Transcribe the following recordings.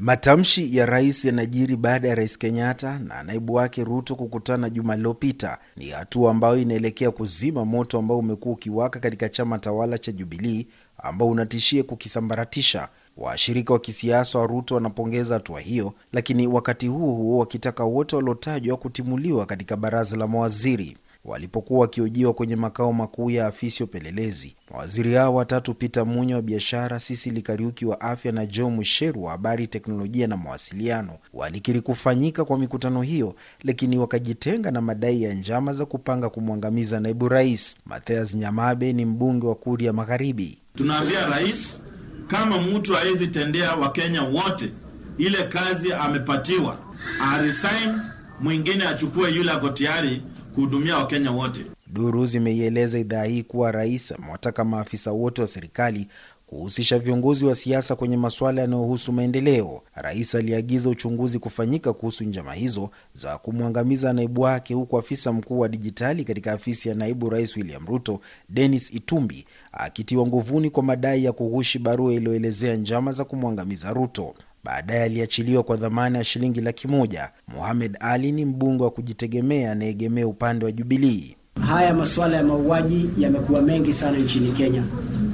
Matamshi ya rais yanajiri baada ya rais Kenyatta na naibu wake Ruto kukutana juma lililopita. Ni hatua ambayo inaelekea kuzima moto ambao umekuwa ukiwaka katika chama tawala cha jubilii ambao unatishia kukisambaratisha. Washirika wa kisiasa wa Ruto wanapongeza hatua hiyo, lakini wakati huo huo wakitaka wote waliotajwa kutimuliwa katika baraza la mawaziri. Walipokuwa wakiojiwa kwenye makao makuu ya afisi ya upelelezi, mawaziri hao watatu, Peter Munya wa biashara, Sisili Kariuki wa afya na Joe Musheru wa habari, teknolojia na mawasiliano, walikiri kufanyika kwa mikutano hiyo, lakini wakajitenga na madai ya njama za kupanga kumwangamiza naibu rais. Mathias Nyamabe ni mbunge wa Kuria Magharibi. Tunaambia rais kama mtu hawezi tendea Wakenya wote ile kazi amepatiwa, aresign, mwingine achukue yule ako tayari kuhudumia Wakenya wote. Duru zimeieleza idhaa hii kuwa rais amewataka maafisa wote wa serikali kuhusisha viongozi wa siasa kwenye masuala yanayohusu maendeleo. Rais aliagiza uchunguzi kufanyika kuhusu njama hizo za kumwangamiza naibu wake, huku afisa mkuu wa dijitali katika afisi ya naibu rais William Ruto, Dennis Itumbi, akitiwa nguvuni kwa madai ya kughushi barua iliyoelezea njama za kumwangamiza Ruto baadaye aliachiliwa kwa dhamana ya shilingi laki moja. Muhamed Ali ni mbunge wa kujitegemea anayeegemea upande wa Jubilii. Haya masuala ya mauaji yamekuwa mengi sana nchini Kenya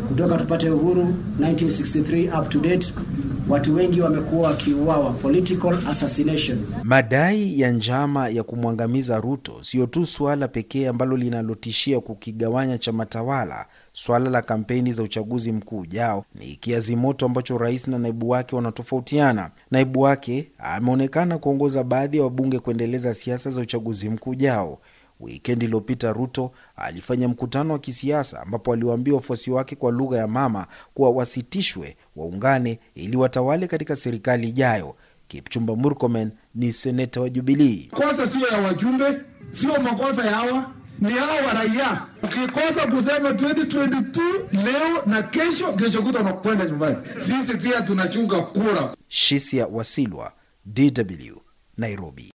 kutoka tupate uhuru 1963 up to date watu wengi wamekuwa wakiuawa, political assassination. Madai ya njama ya kumwangamiza Ruto sio tu suala pekee ambalo linalotishia kukigawanya chama tawala. Swala la kampeni za uchaguzi mkuu ujao ni kiazi moto ambacho rais na naibu wake wanatofautiana. Naibu wake ameonekana kuongoza baadhi ya wabunge kuendeleza siasa za uchaguzi mkuu ujao. Wikendi iliyopita Ruto alifanya mkutano wa kisiasa ambapo aliwaambia wafuasi wake kwa lugha ya mama kuwa wasitishwe, waungane ili watawale katika serikali ijayo. Kipchumba Murkomen ni seneta wa Jubilii. Makosa sio ya wajumbe, sio makosa ya hawa, ni hawa wa raia. Ukikosa kusema 2022 leo na kesho, kesho kuta unakwenda nyumbani. Sisi pia tunachunga kura. Shisia Wasilwa, DW, Nairobi.